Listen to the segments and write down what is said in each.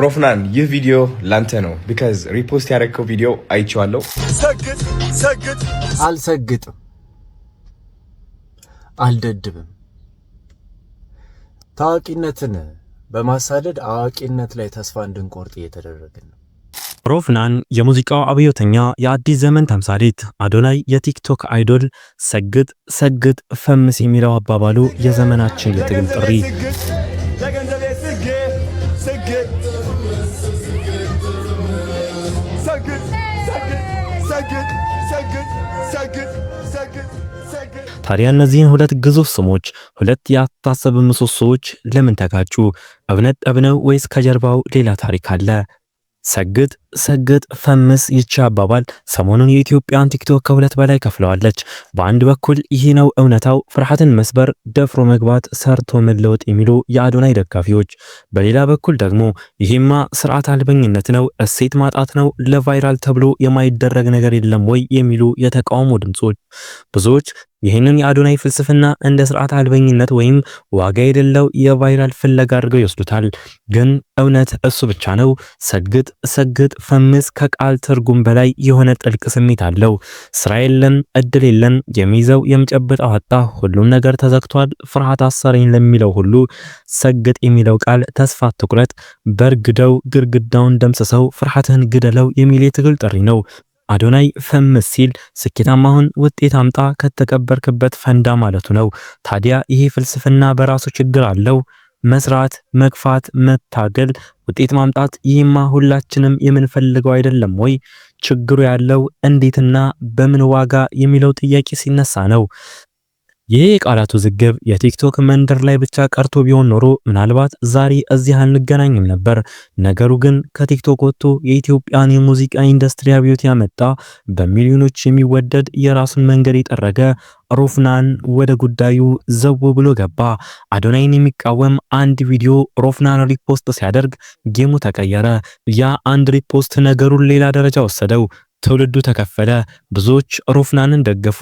ሮፍናን ይህ ቪዲዮ ላንተ ነው። ቢካዝ ሪፖስት ያደረግከው ቪዲዮ አይቼዋለሁ። አልሰግጥም፣ አልደድብም። ታዋቂነትን በማሳደድ አዋቂነት ላይ ተስፋ እንድንቆርጥ እየተደረግን ነው። ሮፍናን የሙዚቃው አብዮተኛ፣ የአዲስ ዘመን ተምሳሌት፣ አዶናይ የቲክቶክ አይዶል። ሰግጥ ሰግጥ ፈምስ የሚለው አባባሉ የዘመናችን የትግል ጥሪ ታዲያ እነዚህን ሁለት ግዙፍ ስሞች፣ ሁለት የአስተሳሰብ ምሰሶዎች ለምን ተጋጩ? እብነት ጠብ ነው ወይስ ከጀርባው ሌላ ታሪክ አለ? ሰግጥ ሰግጥ ፈምስ ይቻ አባባል ሰሞኑን የኢትዮጵያን ቲክቶክ ከሁለት በላይ ከፍለዋለች። በአንድ በኩል ይህ ነው እውነታው፣ ፍርሃትን መስበር፣ ደፍሮ መግባት፣ ሰርቶ መለወጥ የሚሉ የአዶናይ ደጋፊዎች፣ በሌላ በኩል ደግሞ ይህማ ስርዓት አልበኝነት ነው፣ እሴት ማጣት ነው፣ ለቫይራል ተብሎ የማይደረግ ነገር የለም ወይ የሚሉ የተቃውሞ ድምጾች ብዙዎች ይህንን የአዶናይ ፍልስፍና እንደ ስርዓት አልበኝነት ወይም ዋጋ የሌለው የቫይራል ፍለጋ አድርገው ይወስዱታል። ግን እውነት እሱ ብቻ ነው? ሰግጥ ሰግጥ ፈምስ ከቃል ትርጉም በላይ የሆነ ጥልቅ ስሜት አለው። ስራ የለን፣ እድል የለን፣ የሚይዘው የምጨብጠው አጣ፣ ሁሉም ነገር ተዘግቷል፣ ፍርሃት አሰረኝ ለሚለው ሁሉ ሰግጥ የሚለው ቃል ተስፋ፣ ትኩረት፣ በርግደው ግርግዳውን ደምስሰው ፍርሃትህን ግደለው የሚል የትግል ጥሪ ነው። አዶናይ ፈምስ ሲል ስኬታማ ሁን፣ ውጤት አምጣ፣ ከተቀበርክበት ፈንዳ ማለቱ ነው። ታዲያ ይሄ ፍልስፍና በራሱ ችግር አለው። መስራት፣ መግፋት፣ መታገል፣ ውጤት ማምጣት፣ ይህማ ሁላችንም የምንፈልገው አይደለም ወይ? ችግሩ ያለው እንዴትና በምን ዋጋ የሚለው ጥያቄ ሲነሳ ነው። ይህ የቃላት ውዝግብ የቲክቶክ መንደር ላይ ብቻ ቀርቶ ቢሆን ኖሮ ምናልባት ዛሬ እዚህ አንገናኝም ነበር። ነገሩ ግን ከቲክቶክ ወጥቶ የኢትዮጵያን የሙዚቃ ኢንዱስትሪ አብዮት ያመጣ በሚሊዮኖች የሚወደድ የራሱን መንገድ የጠረገ ሮፍናን ወደ ጉዳዩ ዘው ብሎ ገባ። አዶናይን የሚቃወም አንድ ቪዲዮ ሮፍናን ሪፖስት ሲያደርግ ጌሙ ተቀየረ። ያ አንድ ሪፖስት ነገሩን ሌላ ደረጃ ወሰደው። ትውልዱ ተከፈለ። ብዙዎች ሮፍናንን ደገፉ፣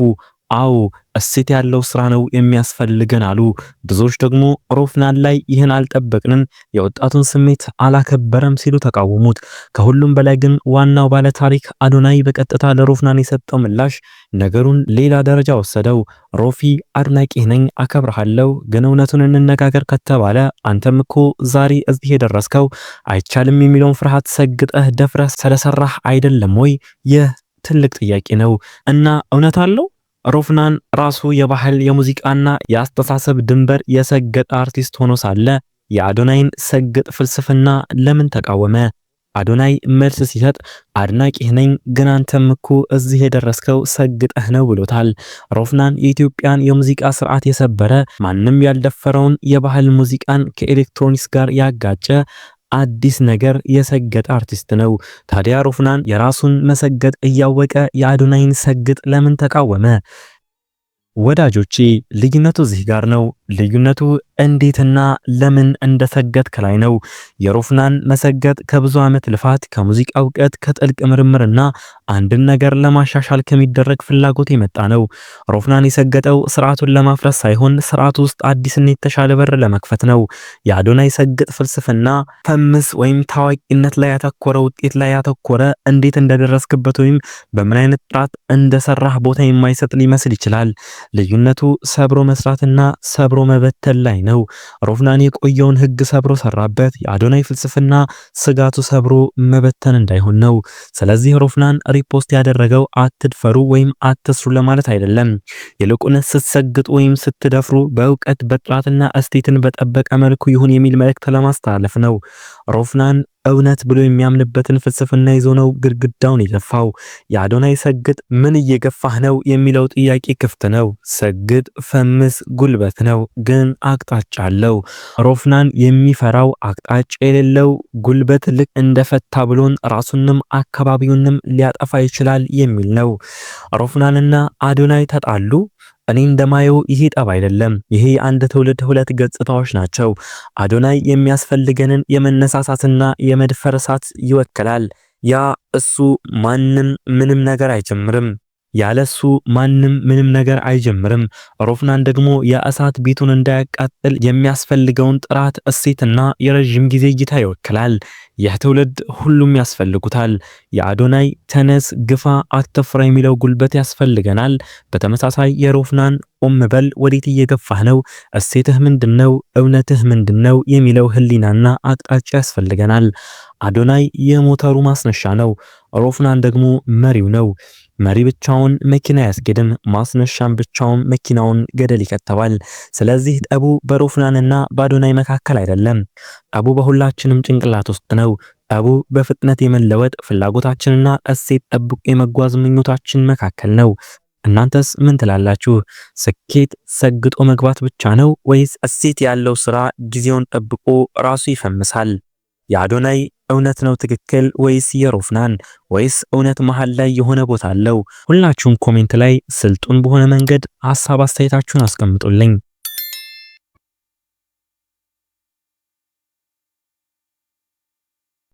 አዎ እሴት ያለው ስራ ነው የሚያስፈልገን አሉ። ብዙዎች ደግሞ ሮፍናን ላይ ይህን አልጠበቅንም፣ የወጣቱን ስሜት አላከበረም ሲሉ ተቃወሙት። ከሁሉም በላይ ግን ዋናው ባለ ታሪክ አዶናይ በቀጥታ ለሮፍናን የሰጠው ምላሽ ነገሩን ሌላ ደረጃ ወሰደው። ሮፊ አድናቂ ነኝ፣ አከብርሃለሁ፣ ግን እውነቱን እንነጋገር ከተባለ አንተም እኮ ዛሬ እዚህ የደረስከው አይቻልም የሚለውን ፍርሃት ሰግጠህ ደፍረህ ስለሰራህ አይደለም ወይ? ይህ ትልቅ ጥያቄ ነው እና እውነት አለው ሮፍናን ራሱ የባህል የሙዚቃና የአስተሳሰብ ድንበር የሰገጠ አርቲስት ሆኖ ሳለ የአዶናይን ሰግጥ ፍልስፍና ለምን ተቃወመ? አዶናይ መልስ ሲሰጥ አድናቂህ ነኝ ግን አንተም እኮ እዚህ የደረስከው ሰግጠህ ነው ብሎታል። ሮፍናን የኢትዮጵያን የሙዚቃ ስርዓት የሰበረ ማንም ያልደፈረውን የባህል ሙዚቃን ከኤሌክትሮኒክስ ጋር ያጋጨ አዲስ ነገር የሰገጠ አርቲስት ነው። ታዲያ ሩፍናን የራሱን መሰገጥ እያወቀ የአዶናይን ሰግጥ ለምን ተቃወመ? ወዳጆቼ ልዩነቱ እዚህ ጋር ነው። ልዩነቱ እንዴትና ለምን እንደሰገጥ ከላይ ነው። የሮፍናን መሰገጥ ከብዙ ዓመት ልፋት፣ ከሙዚቃ እውቀት፣ ከጥልቅ ምርምርና አንድን ነገር ለማሻሻል ከሚደረግ ፍላጎት የመጣ ነው። ሮፍናን የሰገጠው ስርዓቱን ለማፍረስ ሳይሆን ስርዓቱ ውስጥ አዲስና የተሻለ በር ለመክፈት ነው። የአዶናይ ሰገጥ ፍልስፍና ፈምስ ወይም ታዋቂነት ላይ ያተኮረ ውጤት ላይ ያተኮረ እንዴት እንደደረስክበት ወይም በምን አይነት ጥራት እንደሰራህ ቦታ የማይሰጥ ሊመስል ይችላል። ልዩነቱ ሰብሮ መስራትና ሰብሮ ሰብሮ መበተን ላይ ነው። ሮፍናን የቆየውን ህግ ሰብሮ ሰራበት። የአዶናይ ፍልስፍና ስጋቱ ሰብሮ መበተን እንዳይሆን ነው። ስለዚህ ሮፍናን ሪፖስት ያደረገው አትድፈሩ ወይም አትስሩ ለማለት አይደለም። ይልቁንስ ስትሰግጡ ወይም ስትደፍሩ በእውቀት በጥራትና እስቴትን በጠበቀ መልኩ ይሁን የሚል መልእክት ለማስተላለፍ ነው። ሮፍናን እውነት ብሎ የሚያምንበትን ፍልስፍና ይዞ ነው ግድግዳውን የደፋው። የአዶናይ ሰግጥ ምን እየገፋህ ነው የሚለው ጥያቄ ክፍት ነው። ሰግጥ፣ ፈምስ ጉልበት ነው፣ ግን አቅጣጫ አለው። ሮፍናን የሚፈራው አቅጣጫ የሌለው ጉልበት ልክ እንደፈታ ብሎን ራሱንም አካባቢውንም ሊያጠፋ ይችላል የሚል ነው። ሮፍናንና አዶናይ ተጣሉ። እኔ እንደማየው ይሄ ጠብ አይደለም። ይሄ የአንድ ትውልድ ሁለት ገጽታዎች ናቸው። አዶናይ የሚያስፈልገንን የመነሳሳትና የመድፈር እሳት ይወክላል። ያ እሱ ማንም ምንም ነገር አይጀምርም። ያለሱ ማንም ምንም ነገር አይጀምርም። ሮፍናን ደግሞ የእሳት ቤቱን እንዳያቃጥል የሚያስፈልገውን ጥራት፣ እሴትና የረዥም ጊዜ እይታ ይወክላል። ይህ ትውልድ ሁሉም ያስፈልጉታል። የአዶናይ ተነስ፣ ግፋ፣ አትፍራ የሚለው ጉልበት ያስፈልገናል። በተመሳሳይ የሮፍናን ቆም በል፣ ወዴት እየገፋህ ነው? እሴትህ ምንድነው? እውነትህ ምንድነው? የሚለው ህሊናና አቅጣጫ ያስፈልገናል። አዶናይ የሞተሩ ማስነሻ ነው። ሮፍናን ደግሞ መሪው ነው። መሪ ብቻውን መኪና ያስጌድም፣ ማስነሻም ብቻውን መኪናውን ገደል ይከተባል። ስለዚህ ጠቡ በሮፍናንና በአዶናይ መካከል አይደለም። ጠቡ በሁላችንም ጭንቅላት ውስጥ ነው። ጠቡ በፍጥነት የመለወጥ ፍላጎታችንና እሴት ጠብቆ የመጓዝ ምኞታችን መካከል ነው። እናንተስ ምን ትላላችሁ? ስኬት ሰግጦ መግባት ብቻ ነው ወይስ እሴት ያለው ስራ ጊዜውን ጠብቆ ራሱ ይፈምሳል? የአዶናይ እውነት ነው ትክክል ወይስ የሮፍናን ናን ወይስ እውነት መሃል ላይ የሆነ ቦታ አለው? ሁላችሁም ኮሜንት ላይ ስልጡን በሆነ መንገድ ሀሳብ አስተያየታችሁን አስቀምጡልኝ።